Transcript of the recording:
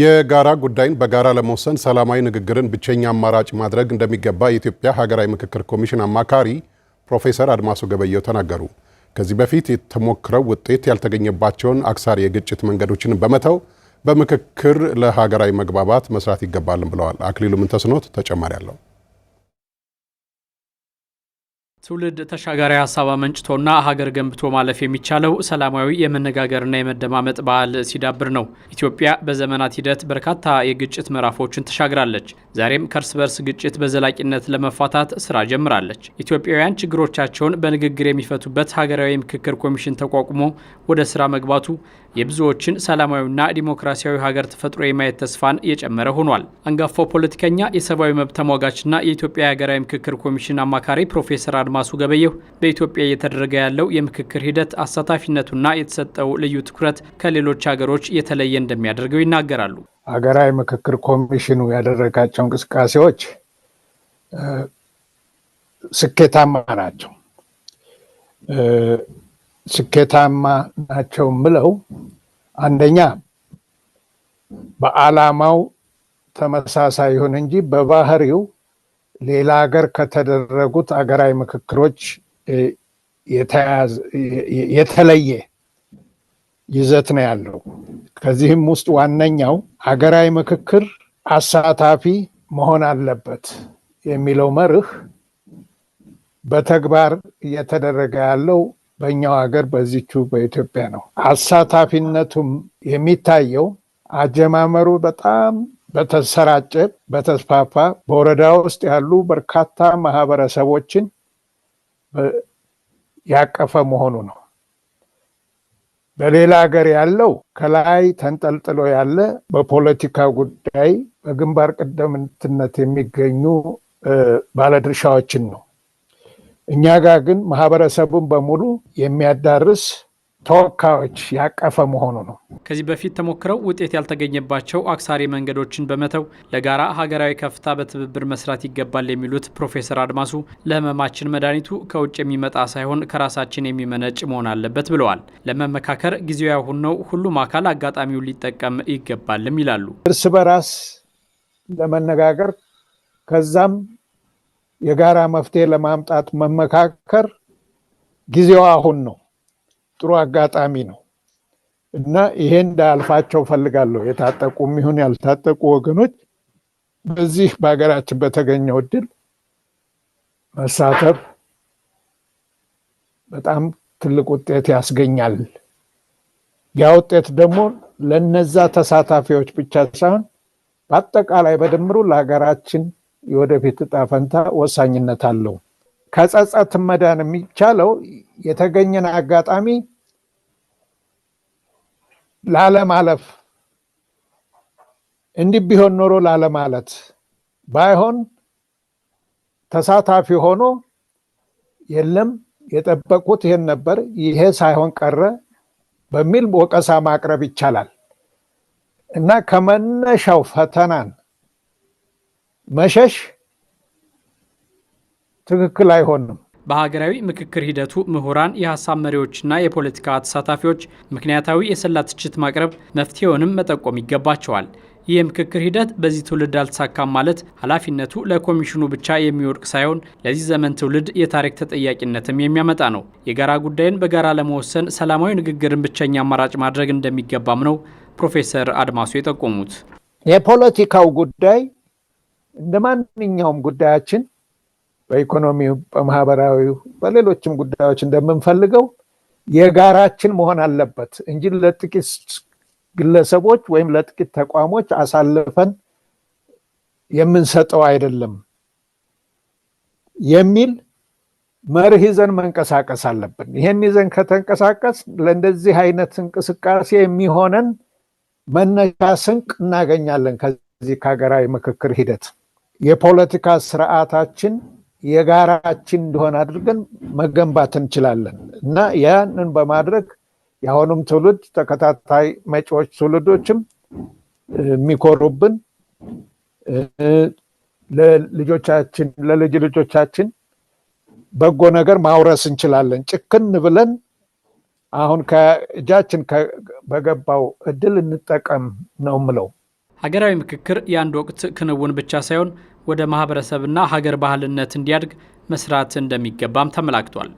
የጋራ ጉዳይን በጋራ ለመወሰን ሰላማዊ ንግግርን ብቸኛ አማራጭ ማድረግ እንደሚገባ የኢትዮጵያ ሀገራዊ ምክክር ኮሚሽን አማካሪ ፕሮፌሰር አድማሱ ገበየው ተናገሩ። ከዚህ በፊት የተሞክረው ውጤት ያልተገኘባቸውን አክሳሪ የግጭት መንገዶችን በመተው በምክክር ለሀገራዊ መግባባት መስራት ይገባልን ብለዋል። አክሊሉ ምንተስኖት ተጨማሪ አለው። ትውልድ ተሻጋሪ ሀሳብ አመንጭቶና ሀገር ገንብቶ ማለፍ የሚቻለው ሰላማዊ የመነጋገርና የመደማመጥ ባህል ሲዳብር ነው። ኢትዮጵያ በዘመናት ሂደት በርካታ የግጭት ምዕራፎችን ተሻግራለች። ዛሬም ከእርስ በርስ ግጭት በዘላቂነት ለመፋታት ስራ ጀምራለች። ኢትዮጵያውያን ችግሮቻቸውን በንግግር የሚፈቱበት ሀገራዊ ምክክር ኮሚሽን ተቋቁሞ ወደ ስራ መግባቱ የብዙዎችን ሰላማዊና ዲሞክራሲያዊ ሀገር ተፈጥሮ የማየት ተስፋን የጨመረ ሆኗል። አንጋፋው ፖለቲከኛ፣ የሰብአዊ መብት ተሟጋችና የኢትዮጵያ ሀገራዊ ምክክር ኮሚሽን አማካሪ ፕሮፌሰር አድማሱ ገበየሁ በኢትዮጵያ እየተደረገ ያለው የምክክር ሂደት አሳታፊነቱና የተሰጠው ልዩ ትኩረት ከሌሎች ሀገሮች የተለየ እንደሚያደርገው ይናገራሉ። ሀገራዊ ምክክር ኮሚሽኑ ያደረጋቸው እንቅስቃሴዎች ስኬታማ ናቸው። ስኬታማ ናቸው ምለው አንደኛ በዓላማው ተመሳሳይ ይሁን እንጂ በባህሪው ሌላ ሀገር ከተደረጉት አገራዊ ምክክሮች የተለየ ይዘት ነው ያለው። ከዚህም ውስጥ ዋነኛው አገራዊ ምክክር አሳታፊ መሆን አለበት የሚለው መርህ በተግባር እየተደረገ ያለው በእኛው ሀገር በዚቹ በኢትዮጵያ ነው። አሳታፊነቱም የሚታየው አጀማመሩ በጣም በተሰራጨ በተስፋፋ በወረዳ ውስጥ ያሉ በርካታ ማህበረሰቦችን ያቀፈ መሆኑ ነው። በሌላ ሀገር ያለው ከላይ ተንጠልጥሎ ያለ በፖለቲካ ጉዳይ በግንባር ቀደምትነት የሚገኙ ባለድርሻዎችን ነው። እኛ ጋር ግን ማህበረሰቡን በሙሉ የሚያዳርስ ተወካዮች ያቀፈ መሆኑ ነው። ከዚህ በፊት ተሞክረው ውጤት ያልተገኘባቸው አክሳሪ መንገዶችን በመተው ለጋራ ሀገራዊ ከፍታ በትብብር መስራት ይገባል የሚሉት ፕሮፌሰር አድማሱ ለህመማችን መድኃኒቱ ከውጭ የሚመጣ ሳይሆን ከራሳችን የሚመነጭ መሆን አለበት ብለዋል። ለመመካከር ጊዜው ያሁን ነው፣ ሁሉም አካል አጋጣሚውን ሊጠቀም ይገባልም ይላሉ። እርስ በራስ ለመነጋገር ከዛም የጋራ መፍትሄ ለማምጣት መመካከር ጊዜው አሁን ነው። ጥሩ አጋጣሚ ነው እና ይሄ እንዳያልፋቸው ፈልጋለሁ። የታጠቁም ይሁን ያልታጠቁ ወገኖች በዚህ በሀገራችን በተገኘው እድል መሳተፍ በጣም ትልቅ ውጤት ያስገኛል። ያ ውጤት ደግሞ ለነዛ ተሳታፊዎች ብቻ ሳይሆን በአጠቃላይ በድምሩ ለሀገራችን የወደፊት እጣ ፈንታ ወሳኝነት አለው። ከጸጸት መዳን የሚቻለው የተገኘን አጋጣሚ ላለማለፍ፣ እንዲህ ቢሆን ኖሮ ላለማለት ባይሆን ተሳታፊ ሆኖ የለም የጠበቁት ይሄን ነበር ይሄ ሳይሆን ቀረ በሚል ወቀሳ ማቅረብ ይቻላል እና ከመነሻው ፈተናን መሸሽ ትክክል አይሆንም። በሀገራዊ ምክክር ሂደቱ ምሁራን፣ የሀሳብ መሪዎችና የፖለቲካ ተሳታፊዎች ምክንያታዊ የሰላ ትችት ማቅረብ መፍትሄውንም መጠቆም ይገባቸዋል። ይህ የምክክር ሂደት በዚህ ትውልድ አልተሳካም ማለት ኃላፊነቱ ለኮሚሽኑ ብቻ የሚወድቅ ሳይሆን ለዚህ ዘመን ትውልድ የታሪክ ተጠያቂነትም የሚያመጣ ነው። የጋራ ጉዳይን በጋራ ለመወሰን ሰላማዊ ንግግርን ብቸኛ አማራጭ ማድረግ እንደሚገባም ነው ፕሮፌሰር አድማሱ የጠቆሙት። የፖለቲካው ጉዳይ እንደ ማንኛውም ጉዳያችን በኢኮኖሚው፣ በማህበራዊ በሌሎችም ጉዳዮች እንደምንፈልገው የጋራችን መሆን አለበት እንጂ ለጥቂት ግለሰቦች ወይም ለጥቂት ተቋሞች አሳልፈን የምንሰጠው አይደለም የሚል መርህ ይዘን መንቀሳቀስ አለብን። ይህን ይዘን ከተንቀሳቀስ ለእንደዚህ አይነት እንቅስቃሴ የሚሆነን መነሻ ስንቅ እናገኛለን። ከዚህ ከሀገራዊ ምክክር ሂደት የፖለቲካ ስርዓታችን የጋራችን እንደሆነ አድርገን መገንባት እንችላለን እና ያንን በማድረግ የአሁኑም ትውልድ ተከታታይ መጪዎች ትውልዶችም የሚኮሩብን ለልጆቻችን ለልጅ ልጆቻችን በጎ ነገር ማውረስ እንችላለን። ጭክን ብለን አሁን ከእጃችን በገባው እድል እንጠቀም ነው ምለው። ሀገራዊ ምክክር የአንድ ወቅት ክንውን ብቻ ሳይሆን ወደ ማህበረሰብና ሀገር ባህልነት እንዲያድግ መስራት እንደሚገባም ተመላክቷል።